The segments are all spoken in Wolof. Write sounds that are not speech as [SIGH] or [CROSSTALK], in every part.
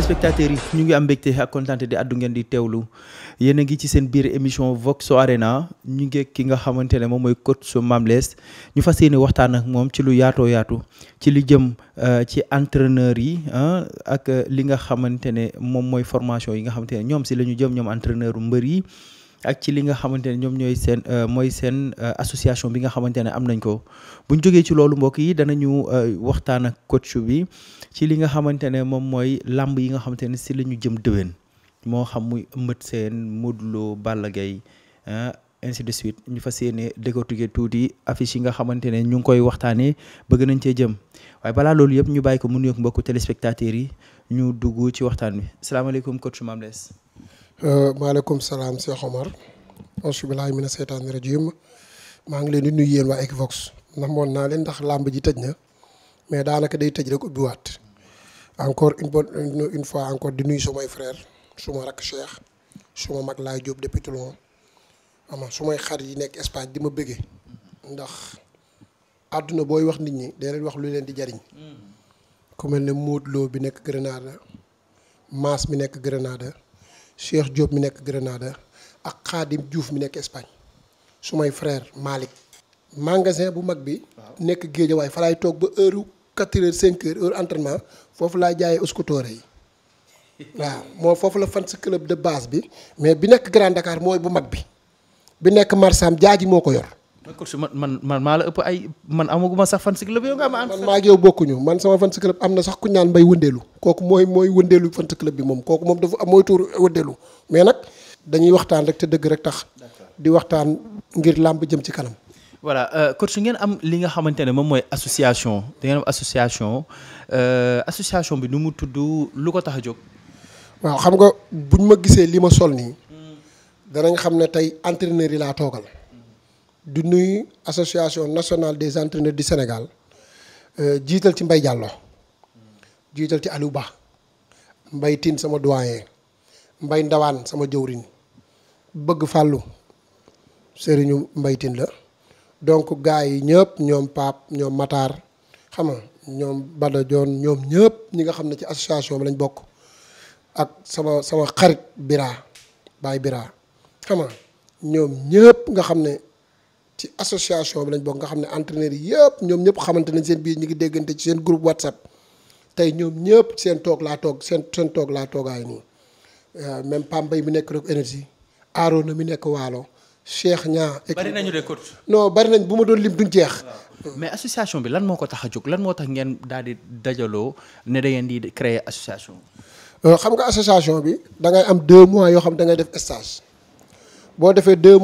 téléspectateurs yi ñu ngi am mbégte ak kontaante di addu ngeen di tewlu yéen a ngi ci seen biir émission Vox na ñu ngi ki nga xamante ne moom mooy coach su Mame Less ñu fas yéene waxtaan ak moom ci lu yaatoo yaatu ci lu jëm euh, ci entraîneur yi ak li nga xamante ne moom mooy formation yi nga xamante ne ñoom si la ñu jëm ñoom entraîneur mbër yi. ak ci li nga xamante ne ñoom ñooy seen euh, mooy seen euh, association bi nga xamante ne am nañ ko bu ñu jógee ci loolu mbokk yi danañu euh, waxtaan ak coach bi ci li nga xamante ne moom mooy làmb yi nga xamante ne si la ñu jëm déwén moo xam muy ëmbët seen Modou Lo Balla Gaye ainsi de suite ñu fas yéene décortiquer tuuti affiche yi nga xamante ne ñu ngi koy waxtaanee bëgg nañ cee jëm waaye balaa loolu yëpp ñu bàyyi ko mu nuyoog mbokku téléspectateurs yi ñu dugg ci waxtaan bi salaamaaleykum coach Mame Less Euh, maaleykum salaam Cheikh Omar auzu billaahi mina seytaani rajiim maa ngi leen di nuy yéen waa Equivox namoon naa leen ndax làmb ji tëj na mais daanaka day tëj rek ubbiwaat encore une bonne une fois encore di nuyu sumay frère suma rakk Cheikh suma mag laay Jóob depuis Toulon ama sumay xar yi nekk Espagne di ma bëggee ndax àdduna booy wax nit ñi day leen wax lu leen di jariñ mm. ku mel ne Modou Lo bi nekk Grenada Mass mi nekk Grenada Cheikh Diop mi nekk Grenada ak Khadim Diouf mi nekk Espagne su may frère Malick magasin bu mag bi nekk Géejawaay fa laay toog ba heure quatre cinq heures heure entraînement foofu laa jaayee uskutoore yi waaw moo foofu la fan si club de base bi mais bi nekk grande Dakar mooy bu mag bi bi nekk Marsam jaaji moo ko yor ma man man maa la ëpp ay man amaguma sax fan si club yow nga am. maa ngi yow bokkuñu man sama fan si club am na sax ku ñaan mbay wëndeelu kooku mooy mooy wëndeelu fan si club bi moom kooku moom dafa mooy tuur wëndeelu mais nag dañuy waxtaan rek te dëgg rek tax. di waxtaan ngir làmb jëm ci kanam. voilà euh, coach ngeen am li nga xamante ne moom mooy association da am association euh, association bi nu mu tudd lu ko tax a jóg. waaw xam nga buñ ma gisee li ma sol nii. Hmm. danañ xam ne tey entraîneur yi laa toogal. du nuyu association nationale des entraîneurs du Sénégal euh, jiital ci Mbaye Diallo jiital ci Aliou Ba Mbaye Tine sama doyen mbay Ndawaan sama jëwriñ bëgg fàllu sëriñu Mbaye Tine la donc gars yi ñëpp ñoom Pape ñoom Matar xam ñoom Bada Dione ñoom ñëpp ñi nga xam ne ci association bi lañ bokk ak sama sama xarit Bira Baye Bira xam ñoom ñëpp nga xam ne. ci association bi lañ bokk nga xam ne entraîneurs yi ñoom ñëpp xamante nañ seen biir ñu ngi déggante ci seen groupe whatsapp tey ñoom ñëpp seen toog laa toog seen seen toog laa toogaay nii euh, même Pambay mi nekk rek énergie Arona mu nekk waalo Cheikh Ñaa. bari nañu bari nañ bu ma doon lim duñ jeex. mais association bi lan moo ko tax a jóg lan moo tax ngeen daal di dajaloo ne da ngeen di créer association. Euh, xam nga association bi da ngay am 2 mois yoo xam da ngay def stage boo defee 2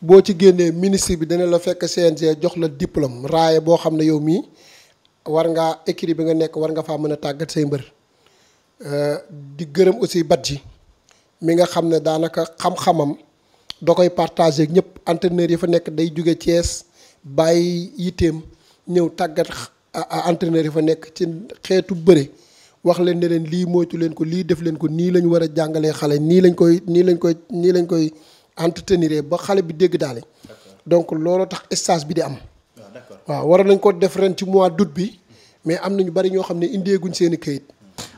boo ci génnee ministre bi dana la fekk CNG jox la diplôme raaye boo xam ne yow mii war ngaa écrit bi nga nekk war nga faa mën a tàggat say mbër euh, di gërëm aussi bat ji mi nga xam ne daanaka xam-xamam da koy partagé ñëpp entraîneur yi fa nekk day jóge cees bàyyi yitteem ñëw tàggat entraîneur yi fa nekk ci xeetu bëre wax leen ne leen lii moytu leen ko lii def leen ko nii lañ war a jàngalee xale nii lañ koy nii lañ koy nii lañ koy entretenir ba xale bi dégg daale donc looloo tax stage bi di am ah, waaw waroon nañ ko def ren ci mois d'août bi mais am na ñu bari ñoo xam ne indeeguñ seen i këyit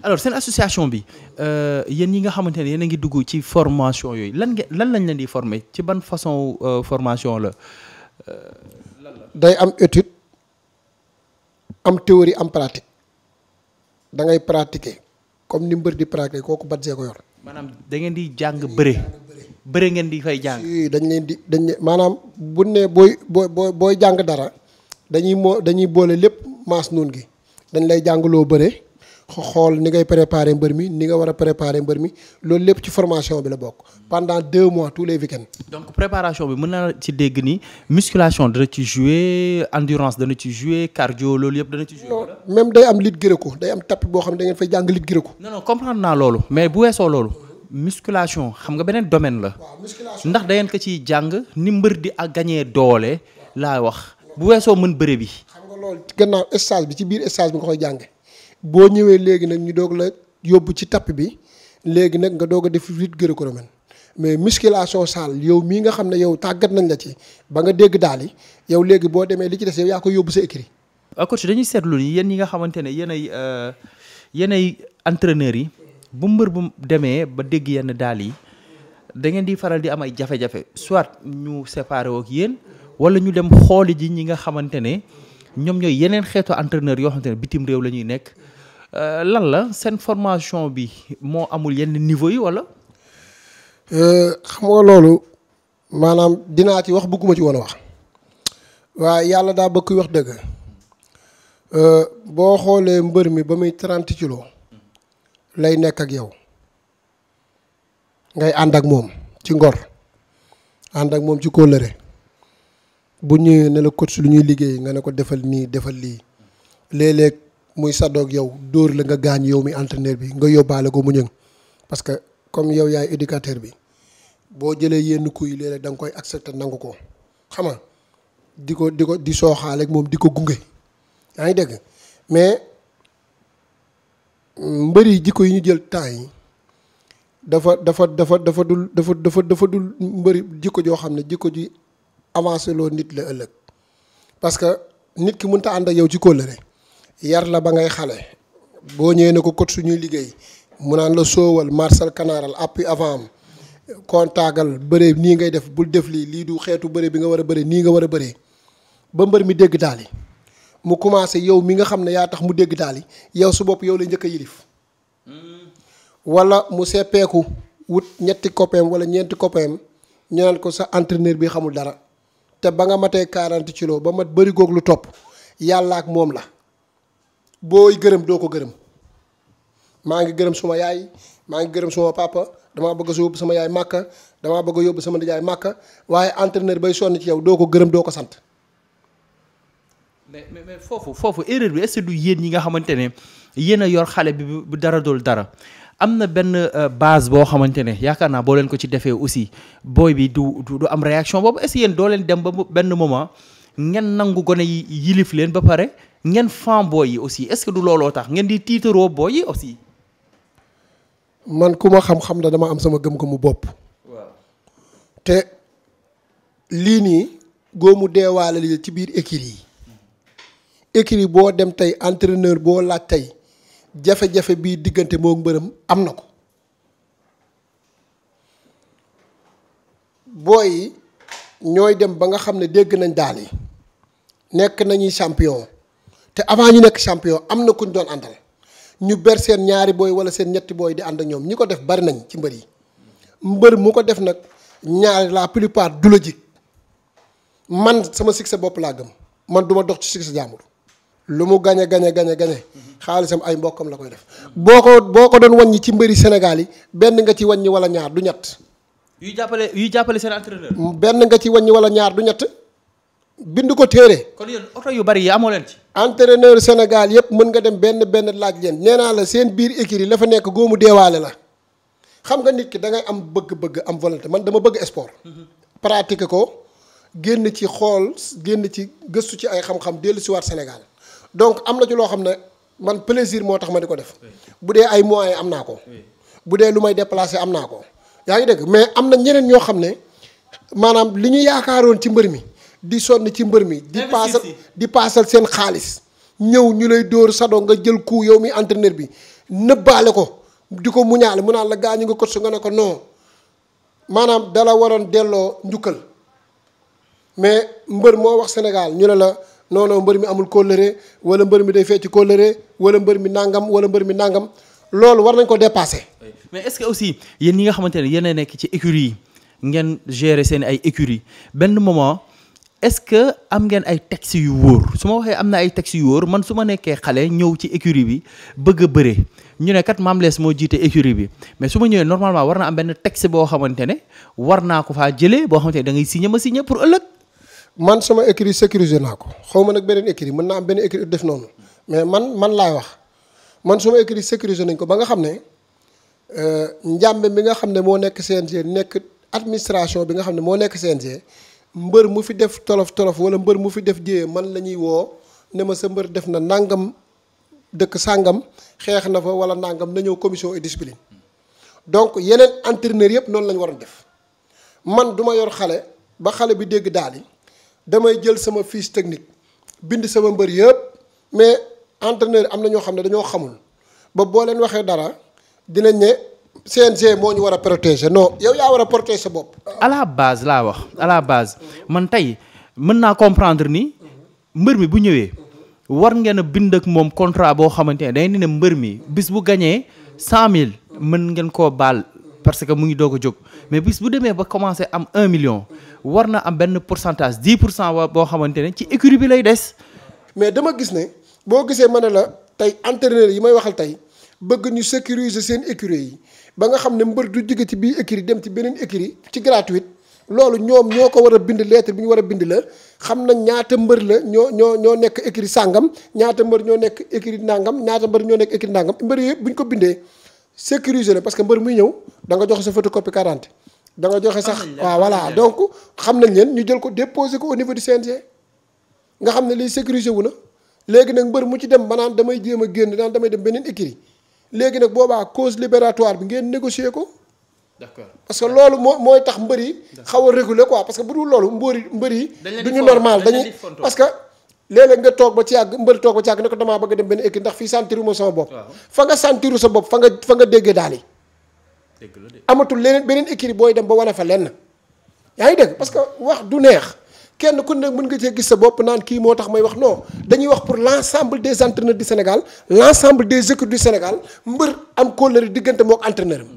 alors seen association bi euh, yéen yi nga xamante ne yéen a ngi dugg ci formation yooyu lan ngeen lan lañ leen di former ci ban façon euh, formation euh, la day am étude am théorie am pratique da ngay pratiquer comme ni mbër di pratiquer kooku bat see ko yor maanaam da ngeen di jàng bëre bëri ngeen di fay jàng. dañ leen di dañ leen maanaam bu ne booy booy booy jàng dara dañuy moo dañuy boole lépp maas nuun gi dañ lay jàngaloo bëre. xool ni ngay préparer mbër mi ni nga war a préparer mbër mi loolu lépp ci formation bi la bokk pendant deux mois tous les week donc préparation bi mën naa ci dégg ni musculation dana ci jouer endurance dana ci jouer cardio loolu yëpp dana ci jouer même day am lit gréco day am tapis boo xam ne da ngeen fay jàng lit gréco non loolu mais bu weesoo loolu musculation xam nga beneen domaine la. ndax da ngeen ko ciy jàng ni mbër di ak gagné doole laa wax bu weesoo mën bëre bi. xam nga loolu gannaaw stage bi ci biir stage bi nga koy jàng boo ñëwee léegi nag ñu doog la yóbbu ci tapp bi léegi nag nga doog a def lutte gréco-romaine mais musculation salle yow mii nga xam ne yow tàggat nañ la ci ba nga dégg daal yi yow léegi boo demee li ci des yow yaa ko yóbbu sa écrit. Ah, coach dañuy seetlu ni yéen ñi nga xamante ne yéenay euh, yéenay entraîneurs yi. bu mbër bu demee ba dégg yenn daal yi da ngeen di faral di am ay jafe-jafe soit ñu séparé yéen wala ñu dem xooli ji ñi nga xamante ne ñoom ñooy yeneen xeetu entraîneur yoo xamante ne bitim réew la ñuy nekk euh, lan la seen formation bi moo amul yenn niveau yi wala. Euh, xam nga loolu maanaam dinaa ci wax bëgguma ci woon wax waa yàlla daa bëgg kuy wax dëgg euh, boo xoolee mbër mi ba muy 30 kilo lay nekk ak yow ngay ànd ak moom ci ngor ànd ak moom ci kóllëre bu ñëwee ne la coach lu ñuy liggéey nga ne ko defal nii defal lii léeg-léeg muy saddoog yow dóor la nga gaañ yow mi entraîneur bi nga yóbbaale ko mu ñëng parce que comme yow yaay éducateur bi boo jëlee yenn kuy léeg-léeg da nga koy accepté nangu ko xam nga di ko di ko di sooxaale moom di ko gunge yaa ngi dégg mais mbëri yi jikko yi ñu jël temps yi dafa dafa dafa dafa dul dafa dafa dafa dul mbëri jikko joo xam ne jikko ji avancé loo nit la ëllëg parce que nit ki mënta ànd ak yow ci kóllëre yar la ba ngay xale boo ñëwee ne ko kot suñuy liggéey mu naan la soowal marsal kanaaral appui avant am kontaagal bëre nii ngay def bul def lii lii du xeetu bëre bi nga war a bëre nii nga war a bëree ba mbër mi dégg daal yi mu commencé yow mi nga xam ne yaa tax mu dégg daal yi yow su bopp yow la njëkk a yilif hmm. wala mu seppeeku wut ñetti copain wala ñeenti copain ñu ko sa entraîneur bi xamul dara te ba nga matee 40 kilos ba mat bëri goog lu topp yàlla ak moom la booy gërëm doo ko gërëm maa ngi gërëm suma yaay maa ngi gërëm suma papa damaa bëgg sa yóbbu sama yaay màkka damaa bëgg yóbbu sama nijaay màkka waaye entraîneur bay sonn ci yow doo ko gërëm doo ko sant mais mais foofu foofu erreur bi est-ce que du yéen ñi nga xamante ne yéen a yor xale bi bu dara dool dara am na benn euh, base boo xamante ne yaakaar naa boo leen ko ci defee aussi booy bi du du am réaction boobu est-ce que doo leen dem ba benn moment ngeen nangu gone yi yilif leen ba pare ngeen fan booy yi aussi est-ce que du looloo tax ngeen di tiitaroo booy yi aussi. man ku ma xam-xam la dama am sama gëm-gëmu bopp. waaw te lii nii góomu deewaale li ci biir équipe yi. écrit boo dem tey entraîneur boo laaj tey jafe-jafe bii diggante moo mbërëm am na ko booy ñooy dem ba nga xam ne dégg nañ daal yi nekk nañuy champion te avant ñu nekk champion am na kuñ doon àndal ñu ber seen ñaari booy wala seen ñetti booy di ànd ak ñoom ñi ko def bari nañ ci mbër yi mbër mu ko def nag ñaari la plupart du la jig man sama succès bopp laa gëm man duma dox ci succès jaamur lu mu gañe gañe gañe gañe mm-hmm. xaalisam ay mbokkam la koy def boo ko boo ko doon wàññi ci mbëri Sénégal yi benn nga ci wàññi wala ñaar du ñett. yuy jàppale yuy jàppale seen entraîneur. Mm, benn nga ci wàññi wala ñaar du ñett bind ko téere. kon yéen oto yu bari yi amoo leen ci. entraîneur Sénégal yëpp mën nga dem benn benn laaj leen nee naa la seen biir écurie la fa nekk góomu deewaale la xam nga nit ki da ngay am bëgg-bëgg am volonté man dama bëgg sport. Mm-hmm. pratiquer ko génn ci xool génn ci gëstu ci ay xam-xam dellu si waat Sénégal. donc am na ci loo xam ne man plaisir moo tax ma di ko def bu dee ay moyens am naa ko bu dee lu may déplacé am naa ko yaa ngi dégg mais am na ñeneen ñoo xam ne maanaam li ñu yaakaaroon ci mbër mi di sonn ci mbër mi di paasal di paasal seen xaalis ñëw ñu lay dóor sado nga jël coup yow mi entraîneur bi nëbbaale ko di ko muñaale mu naan la gaañu nga kot su nga ne ko non maanaam dala waroon delloo njukkal mais mbër moo wax Sénégal ñu ne la non mbër mi amul kóllëre wala mbër mi day fecc kóllëre wala mbër mi nangam wala mbër mi nangam loolu war nañ ko dépasser. mais est-ce que aussi yéen ñi nga xamante ne yéen nekk ci écurie yi ngeen gérer seen ay écurie benn moment. est-ce que am ngeen ay taxi yu wóor su ma waxee am na ay taxi yu wóor man su ma nekkee xale ñëw ci écurie bi bëgg a bëre ñu ne kat Mame Less moo jiite écurie bi mais su ma ñëwee normalement war na am benn taxi boo xamante ne war naa ko faa jëlee boo xamante ne da ngay signé ma signé pour ëllëg man sama écrit sécurisé naa ko xaw ma nag beneen écrit mën naa am beneen écrit def noonu mais man man laay wax man sama écrit sécurisé nañ ko ba nga xam ne euh, njàmbe bi nga xam ne moo nekk CNG nekk administration bi nga xam ne moo nekk CNG mbër mu fi def tolof tolof wala mbër mu fi def jéyee man la ñuy woo ne ma sa mbër def na nangam dëkk sàngam xeex na fa wala nangam na ñëw commission et discipline donc yeneen entraîneur yëpp noonu la ñu def man du yor xale ba xale bi dégg daal damay jël sama fiche technique bind sama mbër yëpp mais entraîneur am na ñoo xam ne dañoo xamul ba boo leen waxee dara dinañ ne CNG moo ñu war a protéger no yow yaa war a protéger sa bopp. à la base laa wax à la base man tey mën naa comprendre ni mbër mi bu ñëwee war ngeen a bind ak moom contrat boo xamante ne day ne mbër mi bis bu gañee cent mille mën ngeen koo baal parce que mu ngi doog a jóg mais bis bu demee ba commencé am un million. war na am benn pourcentage 10 pour cent wa boo xamante ne ci écurie bi lay des. mais dama gis ne boo gisee ma ne la tey entraîneur yi may waxal tey bëgg ñu sécuriser seen écurie yi ba nga xam ne mbër du jóge ci bii écurie dem ci beneen écurie ci gratuite. loolu ñoom ñoo ko war a bind lettre bi ñu war a bind la xam na ñaata mbër la ñoo ñoo ñoo nekk écrit sàngam ñaata mbër ñoo nekk écrit nàngam ñaata mbër ñoo nekk écrit nàngam mbër yëpp bu ñu ko bindee sécuriser la parce que mbër muy ñëw da nga jox sa photocopie 40 da nga joxe sax waa voilà donc xam nañ leen ñu jël ko déposé ko au niveau du CNG nga xam ne lii sécurisé wu na léegi nag mbër mu ci dem ba naan damay jéem a génn naan damay dem beneen écurie léegi nag boobaa cause libératoire bi ngeen négocier ko. d'accord parce que loolu moo mooy tax mbër yi. xaw a réguler quoi parce que bu dul loolu mbër yi mbër yi. du ñu normal dañuy parce que. léeg nga toog ba ci yàgg mbër toog ba ci yàgg ne ko damaa bëgg dem benn écurie ndax fii sentiru ma sama bopp. fa nga sentiru sa bopp fa nga fa nga déggee daal amatul leneen beneen écrit booy dem ba wane fa lenn yaa ngi dégg parce que wax du neex kenn ku nekk mën nga cee gis sa bopp naan kii moo tax may wax non dañuy wax pour l' ensemble des entraîneurs du Sénégal l' ensemble des équipes du Sénégal mbër am kóllëre diggante mook entraîneur am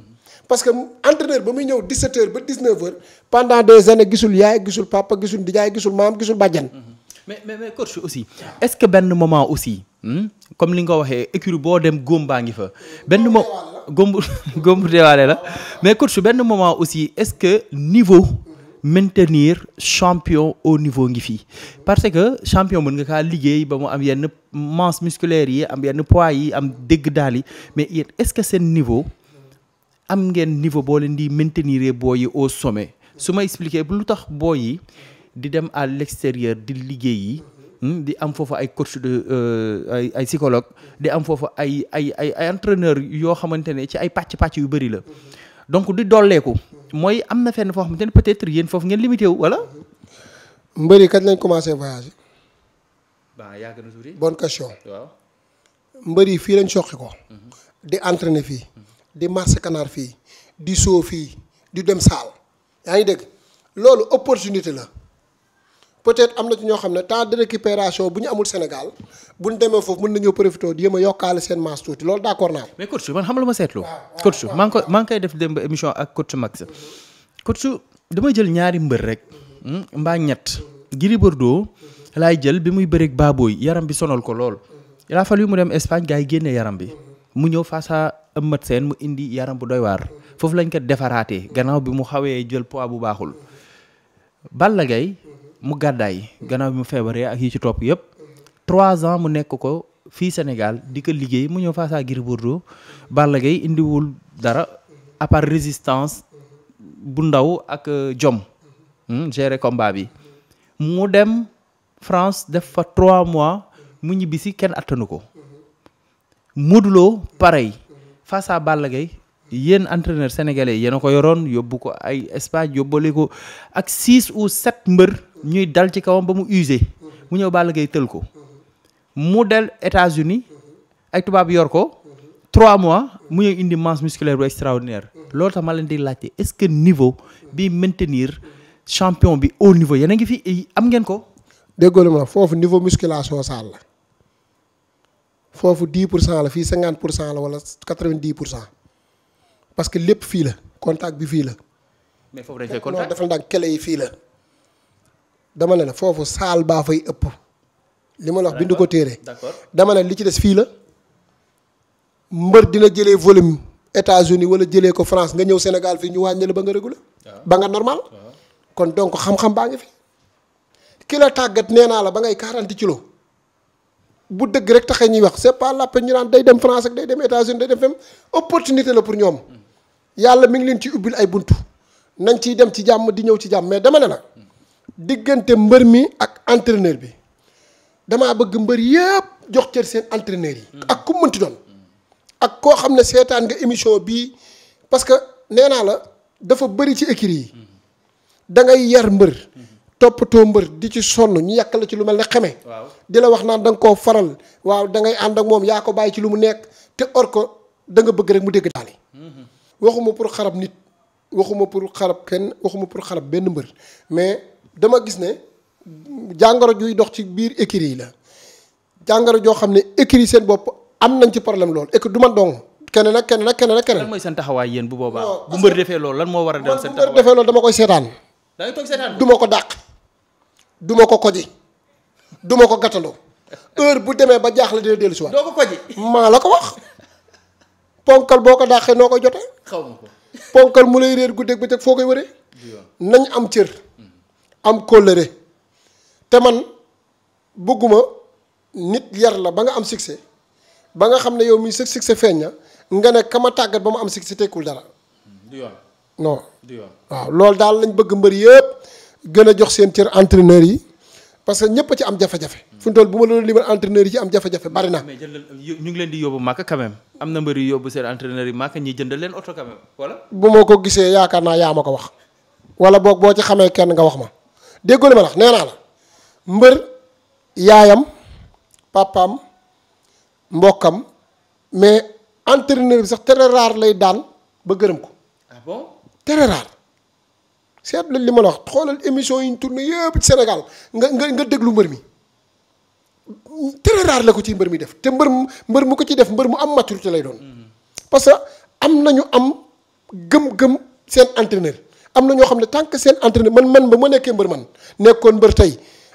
parce que entraîneur ba muy ñëw 17 ba 19 pendant des années gisul yaay gisul papa gisul ndijaay gisul maam gisul bàjjan. Mm-hmm. mais mais mais est ce que benn moment aussi hmm, comme li nga ko waxee écurie boo dem góom baa ngi fa gombu [LAUGHS] gombu deewaale la mais coach benn moment aussi est-ce que niveau maintenir champion au niveau ngi fii parce que champion mën nga kaa liggéey ba mu am yenn masse musculaire yi am yenn poids yi am dégg daal yi mais est-ce que seen niveau am ngeen niveau boo leen di maintenir boo yi au sommet su ma bu lu tax boo yi di dem à l'extérieur di liggéey Hmm, di am foofu ay coach de euh, ay psychologue di am foofu ay ay ay ay entraîneur yoo xamante ne ci ay pacc pacc yu bëri la donc di dolleeku mooy am na fenn foo xamante ne peut-être yéen foofu ngeen limité wu wala. mbëri kañ lañ commencé voyager. waaw yàgg na tuuti. bonne question. mbëri fii lañ soqi ko. Mhm. di entraîner fii. Mhm. di marché Canaar fii. di soo fii di dem saal yaa ngi dégg loolu opportunité la. peut-être am na ci ñoo xam ne temps de récupération bu ñu amul Sénégal bu ñu demee foofu mun nañoo profité di yéem a yokkaale seen masse tuuti loolu d'accord naa mais coach man xam la ma seetloo. Ah, ah, ah. coach maa ngi koy maa ngi koy def démb émission ak coach Max. coach dama jël ñaari mbër rek. Hmm, mbaa ñett. Gris doo laay jël bi muy bëreeg Baboy yaram bi sonal ko lool. il a fallu mu dem Espagne gars génne yaram bi. mu ñëw face à Eumeu seen mu indi yaram bu doy waar. foofu lañ ko defaraatee gannaaw bi mu xawee jël poids bu baaxul. mu gàddaay gannaaw mu feebaree ak yi ci topp yëpp trois ans mu nekk ko fii Sénégal di ko liggéey mu ñëw face à Gris Bordeaux indiwul dara à résistance bu ndaw ak euh, jom hmm, gérer combat bi mu dem France def fa trois mois mu ñibbisi kenn attanu ko Modou Lo pareil face à Balla Gaye yéen entraîneur a ko yoroon yóbbu ko ay Espagne yóbbale ko ak six ou sept mbër ñuy dal ci kawam ba mu usé mu ñëw Balla Gaye tël ko mu del États-Unis ay tubaab yor ko trois mois mu ñëw indi masse musculaire bu extraordinaire loolu tax ma leen di laajte est-ce que niveau bi maintenir champion bi au niveau yéen a ngi fi am ngeen ko. déggoo ma foofu niveau musculation saal la foofu 10 pour cent la fii 50 pour cent la wala 90 pour cent parce que lépp fii la contact bi fii la. mais foofu dañ fay contact non fii la. dama ne la foofu saal baa fay ëpp. li ma la wax bindu ko téere. dama ne li ci des fii la. mbër dina jëlee volume États-Unis wala jëlee ko France nga ñëw Sénégal fii ñu wàññee la ba nga réguler. Ah. ba nga normal. Ah. kon donc xam-xam baa ngi fi. ki tàggat nee naa la ba ngay 40 kilos. bu dëgg rek taxee ñuy wax c'est pas la ñu naan day dem France ak day dem États-Unis day dem fem opportunité la pour ñoom. Hmm. yàlla mi ngi leen ci ubbil ay buntu. nañ ciy dem ci jàmm di ñëw ci jàmm mais la. Hmm. diggante mbër mi ak entraîneur bi damaa bëgg mbër yëpp jox cër seen entraîneur yi. ak ku mënti doon. ak koo xam ne seetaan nga émission bii parce que nee naa la dafa bëri ci écrit yi da ngay yar mbër. toppatoo mbër di ci sonn ñu yàkkale ci lu mel ni xeme. di la wax naa danga koo faral waaw dangay ànd ak moom yaa ko bàyyi ci lu mu nekk te or ko da nga bëgg rek mu dégg daal mhm. waxuma pour xarab nit waxuma pour xarab kenn waxuma pour xarab benn mbër mais. dama gis ne jàngoro juy dox ci biir écurie yi la jàngoro joo xam ne écurie seen bopp am nañ ci problème loolu et que du ma dong keneen ak keneen ak keneen ak keneen. lan mooy seen taxawaay yéen bu boobaa. bu mbër defee loolu lan moo war a doon seen taxawaay bu mbër defee loolu dama koy seetaan. da ngay toog seetaan du ma ko dàq du ma ko koji du ma ko gàttaloo heure bu demee ba jaaxle dina dellu si waat. doo ko koji maa la ko wax ponkal boo ko dàqee noo koy jotee. xaw ma ko ponkal mu lay réer guddeeg bëccëg foo koy wëree. nañ am cër. am kóllëre te man bëgguma nit yar la ba nga am succès ba nga xam ne yow mi sa succès feeñ na nga ne kama tàggat ba mu am succès tekkul dara. du yoon yoon waaw loolu daal lañ bëgg mbër yëpp gën a jox seen cër entraîneur yi parce que ñëpp a ci am jafe-jafe. fi mu toll bu ma la doon limal yi ci am jafe-jafe bari na. mais ñu ngi leen di yóbbu màkk quand même am na mbër yu yóbbu seen entraîneur yi màkk ñi jënd leen oto quand wala. bu ma ko gisee yaakaar naa yaa ma ko wax wala boog boo ci xamee kenn nga wax ma. déggoo li ma wax nee la mbër yaayam papaam mbokkam mais entraîneur bi sax très rare lay daan ba gërëm ko. ah bon très rare. seetlu li ma la wax xoolal émission yi ñu tourné yëpp ci Sénégal nga nga nga déglu mbër mi très rare la ko ci mbër mi def te mbër mu mbër mu ko ci def mbër mu am maturité lay doon. Mm-hmm. parce que am nañu am gëm-gëm seen entraîneur. am na ñoo xam ne tant que seen entraîneur man man ba ma nekkee mbër man nekkoon mbër tey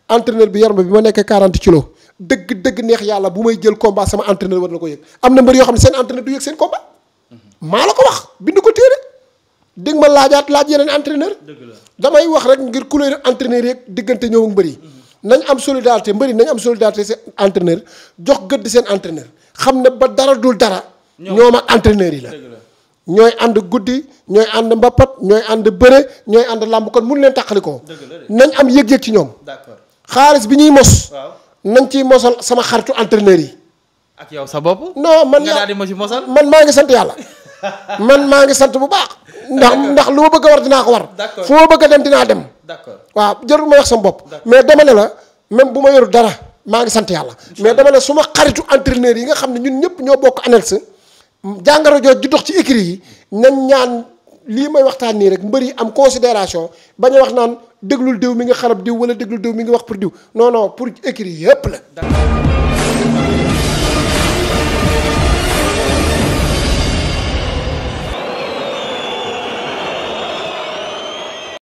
entraîneur bi yaram bi ma nekkee 40 kilos dëgg dëgg neex yàlla bu may jël combat sama entraîneur war na ko yëg am na mbër yoo xam ne seen entraîneur du yëg seen combat maa la ko wax bind ko téere dégg ma laajaat laaj yeneen entraîneur damay wax rek ngir couleur entraîneur yeeg diggante ñoom ak mbër yi nañ am solidarité mbëri nañ am solidarité seen entraîneur jox gëdd seen entraîneur xam ne ba dara dul dara ñoom ak entraîneur yi la ñooy ànd guddi ñooy ànd mbappat ñooy ànd bëre ñooy ànd làmb kon mun leen tàqalikoo nañ am yëg-yëg ci ñoom xaalis bi ñuy mos nañ ciy mosal sama xaritu entraîneur yi ak yow sa bopp non man nga daal di ma ci mosal man maa ngi sant yàlla [LAUGHS] man maa ngi sant bu baax ndax ndax lu bëgg a war dinaa ko ma bëgg a dem dinaa dem waaw jarul wax sama bopp mais dama ne la même bu ma yoru dara maa ngi sant yàlla mais dama ne suma xaritu entraîneur yi nga xam ne ñun ñëpp ñoo bokk anelse jàngaro jooju ju dox ci écrit yi nañ ñaan lii may waxtaan nii rek mbër yi am considération bañ a wax naan déglul diw mi nga xarab diw wala déglul diw mi nga wax pour diw non non pour écrit yëpp la.